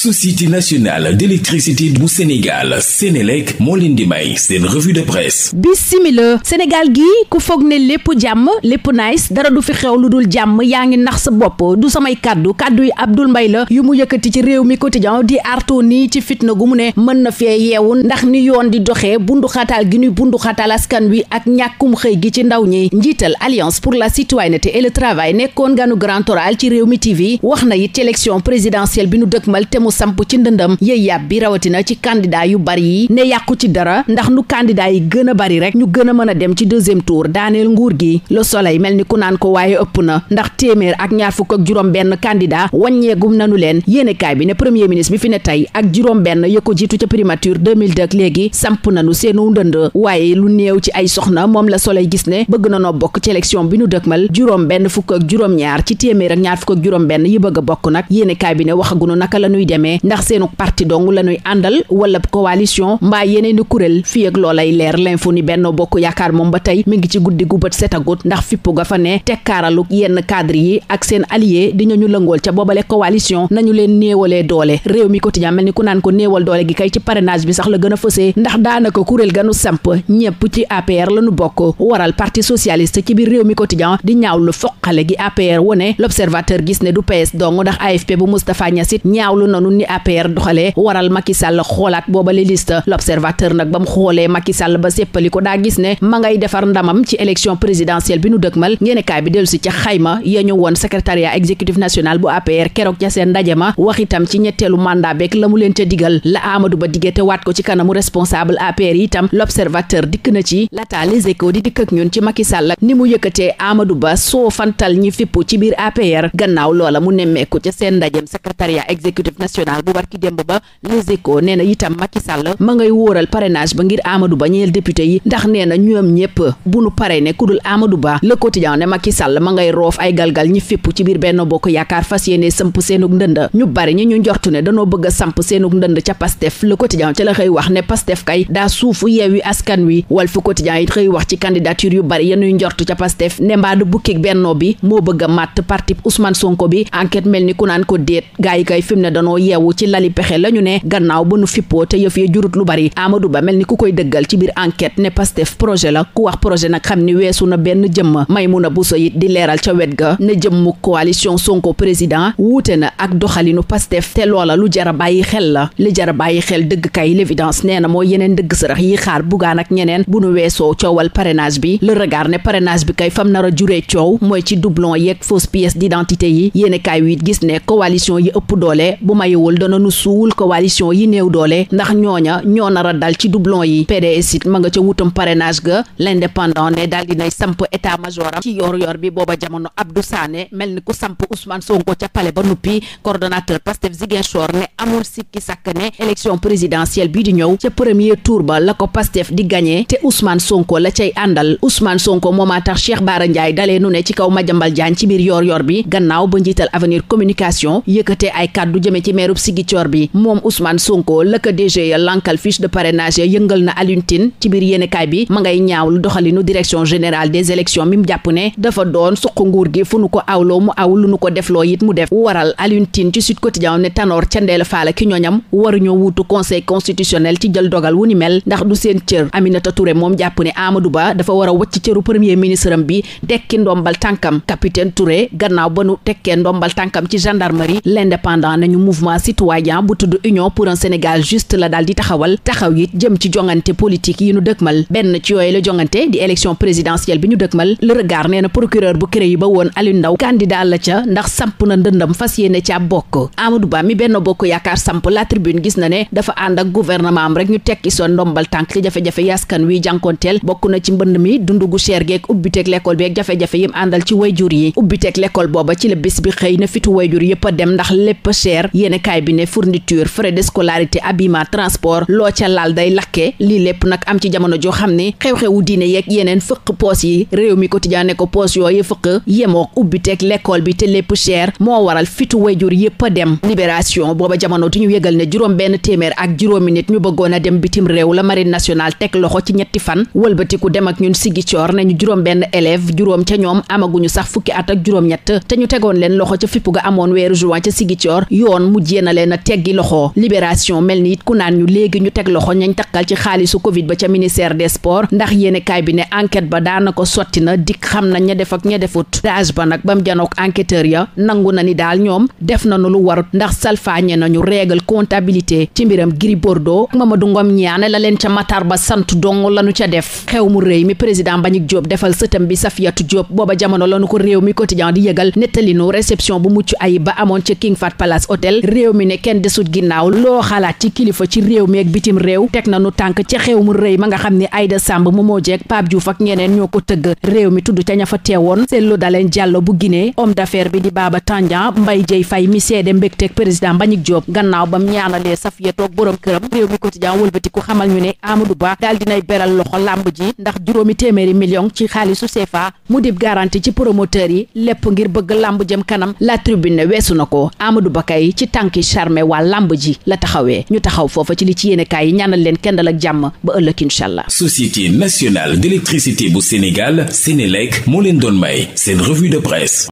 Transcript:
société nationale d'électricité bu Sénégal moo leen di may seen revue de presse gi ku foog ne lépp jàmm lépp nice dara du fi xew lu dul jàmm yaa ngi nax sa bopp du samay kàddu kàddu yi dul mbay la yu mu yëkkati ci réew mi quotidien di arto nii ci fitna gu mu ne mën na fee yeewu ndax ni yoon di doxee bunduxataal gi ñuy bunduxataal askan wi ak ñàkkum xëy gi ci ndaw ñi njiital alliance pour la citoyenneté et le travail nekkoon ganu grand oral ci réew mi TV wax na it ci élection présidentielle bi nu dëkkmal te mu samp ci ndëndam yëy yàb bi rawatina ci candidat yu bari yi ne yàqu ci dara ndax nu candidat yi gën a bari rek ñu gën a mën a dem ci deuxième tour daaneel nguur gi le soleil mel ni ku naan ko waaye ëpp na ndax téeméer ak ñaar fukk ak juróom benn candidat wàññeegum nanu leen yéenekaay bi ne premier ministre bi fi ne tey ak juróom benn ya ko jiitu ca primature 2002 léegi samp nanu seenu ndënd waaye lu néew ci ay soxna moom la soleil gis ne bëgg na noo bokk ci élection bi nu dëkmal juróom benn fukk ak juróom ñaar ci téeméer ak ñaar fukk benn yi bëgg bokk nag yéenekaay bi ne waxagunu demee ndax seenu parti dong la ñuy àndal wala coalition mbaa yeneeni kuréel fii loolay leer l'info ni Benno Bokk Yaakaar moom ba tey mi ngi ci guddi gu bët set agut ndax fippu ga fa ne tekkaaralu yenn cadre yi ak seen allié di ñu lëngool ca boobale coalition nañu leen néewalee doole réew mi quotidien mel ni ku naan ko néewal doole gi kay ci parrainage bi sax la gën a fësee ndax daanaka kuréel ganu samp ñépp ci APR la ñu bokk waral parti socialiste ci biir réew mi quotidien di ñaaw lu foqale gi ne du PS dong doxalul ni APR doxalee waral Macky Sall xoolaat booba li liste l'observateur nag ba mu xoolee Macky Sall ba séppali ko daa gis ne ma ngay defar ndamam ci élection présidentielle bi nu dëkmal yéenekaay bi dellu si ca xayma ya ñu woon secrétariat exécutif national bu APR keroog ca seen ndaje ma wax itam ci ñetteelu mandat beeg la mu leen ca digal la Amadou Ba diggee te waat ko ci kanamu responsable APR itam l'observateur dikk na ci lataa les échos di dikk ak ñun ci Macky Sall ni mu yëkkatee Amadou Ba soo fantal ñi fippu ci biir APR gannaaw loola mu nemmeeku ca seen ndajem secrétariat exécutif nationale bu barki démb ba les échos nee na itam Macky Sall ma ngay wóoral parrainage ba ngir Amadou Ba ñeel député yi ndax nee na ñoom ñëpp bu nu parrainé ku dul Amadou Ba le quotidien ne Macky Sall ma ngay roof ay galgal a samp ca la xëy wax ne Pastef kay daa suufu yeewi askan wi Walf Quotidien yi xëy wax ci candidature yu bari yenuy njortu ca Pastef ne mbaadu bukkik bennoo bi moo bëgg a màtt parti Ousmane Sonko bi enquête mel ni ku naan ko déet gaa yi kay fi ne danoo yeewu ci lali pexe la ñu ne gannaaw ba nu fippoo te yëf ya jurut lu bari amadou ba mel ni ku koy dëggal ci biir enquête ne pastef projet la ku wax projet nag xam ni weesu na benn jëmm a buso it di leeral ca wet ga ne jëmmu coalition sonko président wuute na ak doxalinu pastef te loola lu jara bàyyi xel la li jara bàyyi xel dëgg kay l'évidence nee na moo yeneen dëgg sarax yi xaar bugaan ak ñeneen bu nu weesoo coowal parrainage bi le regard ne parrainage bi kay fam nar a juree mooy ci doublon yeeg moytuwul dananu suul coalition yi néew doole ndax ñooña ñoo nar a dal ci doublon yi PDS it ma nga ca wutum parrainage ga l'indépendant ne daal dinay samp état major am ci yor yor bi booba jamono Abdou Sané mel ni ku samp Ousmane Sonko ca pale ba nuppi coordonnateur Pastef Ziguinchor ne amul sikki sàkk ne élection présidentielle bi di ñëw ca premier tour ba la ko Pastef di gagné te Ousmane Sonko la cay àndal Ousmane Sonko moomaa tax Cheikh Bara Ndiaye dalee nu ne ci kaw Madiambal Diagne ci biir yor yor bi maire Ziguinchor bi moom Ousmane Sonko la ko DG ya lankal fiche de parrainage ya yëngal na Alioune Tine ci biir yéenekaay bi ma ngay ñaawlu doxalinu direction générale des élections mi mu jàpp ne dafa doon suq nguur gi fu nu ko awloo mu aw lu nu ko defloo it mu def waral Alioune Tine ci Sud Quotidien ne Tanor Thiendella Fall ki ñoñam waruñoo wuutu conseil constitutionnel ci jël dogal wu ni mel ndax du seen cër Aminata Touré moom jàpp ne Amadou Ba dafa war a wacc mouvement citoyen bu tudd union pour un Sénégal juste la daal di taxawal taxaw it jëm ci jongante politique yi ñu dëkkmal benn ci yooyu la jongante di élection présidentielle bi ñu dëkkmal le regard na procureur bu CREI ba woon Aliou Ndao candidat la ca ndax samp na ndëndam fas yéene ca bokk Amadou Ba mi benn bokk yaakaar samp la tribune gis na ne dafa ànd ak gouvernement am rek ñu tekki soo ndombal tànk ci jafe-jafe yaskan wi jànkonteel bokk na ci mbënd mi dundu gu cher geeg ubbiteeg l'école bi ak jafe-jafe yim àndal ci wayjur yi ubbiteeg l'école booba ci la bis bi xëy na fitu wayjur yëpp a dem ndax lépp cher yéenekaay bi ne fourniture frais de scolarité habillement transport loo ca laal day lakke lii lépp nag am ci jamono joo xam ne xew-xewu diine yeeg yeneen fëq poos yi réew mi quotidien ne ko poos yooyu fëq yemook ubbi teeg l'école bi te lépp cher moo waral fitu wayjur yépp a dem libération booba jamono tu ñu yëgal ne juróom benn téeméer ak juróom juróomi nit ñu bëggoon a dem bitim réew la marine nationale teg loxo ci ñetti fan wëlbatiku dem ak ñun sigi coor nañu juróom benn élève juróom ca ñoom amaguñu sax fukki at ak juróom te ñu tegoon leen loxo ca fipp ga amoon weeru juin sigi coor jéem a leen a teggi loxo libération mel ni it ku naan ñu léegi ñu teg loxo ñañ takkal ci xaalisu covid ba ca ministère des sports ndax yéene kaay bi ne enquête ba daana ko sotti na dikk xam na ña def ak ña defut dage ba nag bam janook enquêteur ya nangu na ni ñoom def na nu lu warut ndax salfaañe nañu règle comptabilité ci mbiram Gris Bordeaux Mamadou Ngom ñaane la leen ca Matar Ba sant dong lañu ca def xew mu rëy mi président Mbagnick joob defal sëtam bi Safiyatu Diop booba jamono lañu ko réew mi quotidien di yëgal nettali nu bu mucc ayib ba amoon ca King Fahd Palace Hotel réew mi ne kenn desut ginnaaw loo xalaat ci kilifa ci réew mi ak bitim réew teg na nu tànk ca xew mu rëy ma nga xam ne Aïda Samb mu moo jeeg Pape Diouf ak ñeneen ñoo ko tëgg réew mi tudd ca ña fa teewoon Cellou Dalein Diallo bu Guinée homme d'affaires bi di Baba Tandian Mbaye Dièye Faye mi seede mbégteeg président Mbagnick Diop gannaaw bam ñaanalee Safiyatu boroom borom këram réew mi quotidien wëlbati ku xamal ñu ne Amadou Ba daal dinay beral loxo làmb ji ndax juróomi téeméeri million ci xaalisu CFA mu dib garantie ci promoteur yi lépp ngir bëgg làmb jëm kanam la tribune weesu na ko tànki charme waa làmb ji la taxawee ñu taxaw foofa ci li ci yéenekaay yi ñaanal leen kenn a jàmm ba ëllëg incha allah société nationale d'électricité bu Sénégal Sénélec moo leen doon may seen revue de presse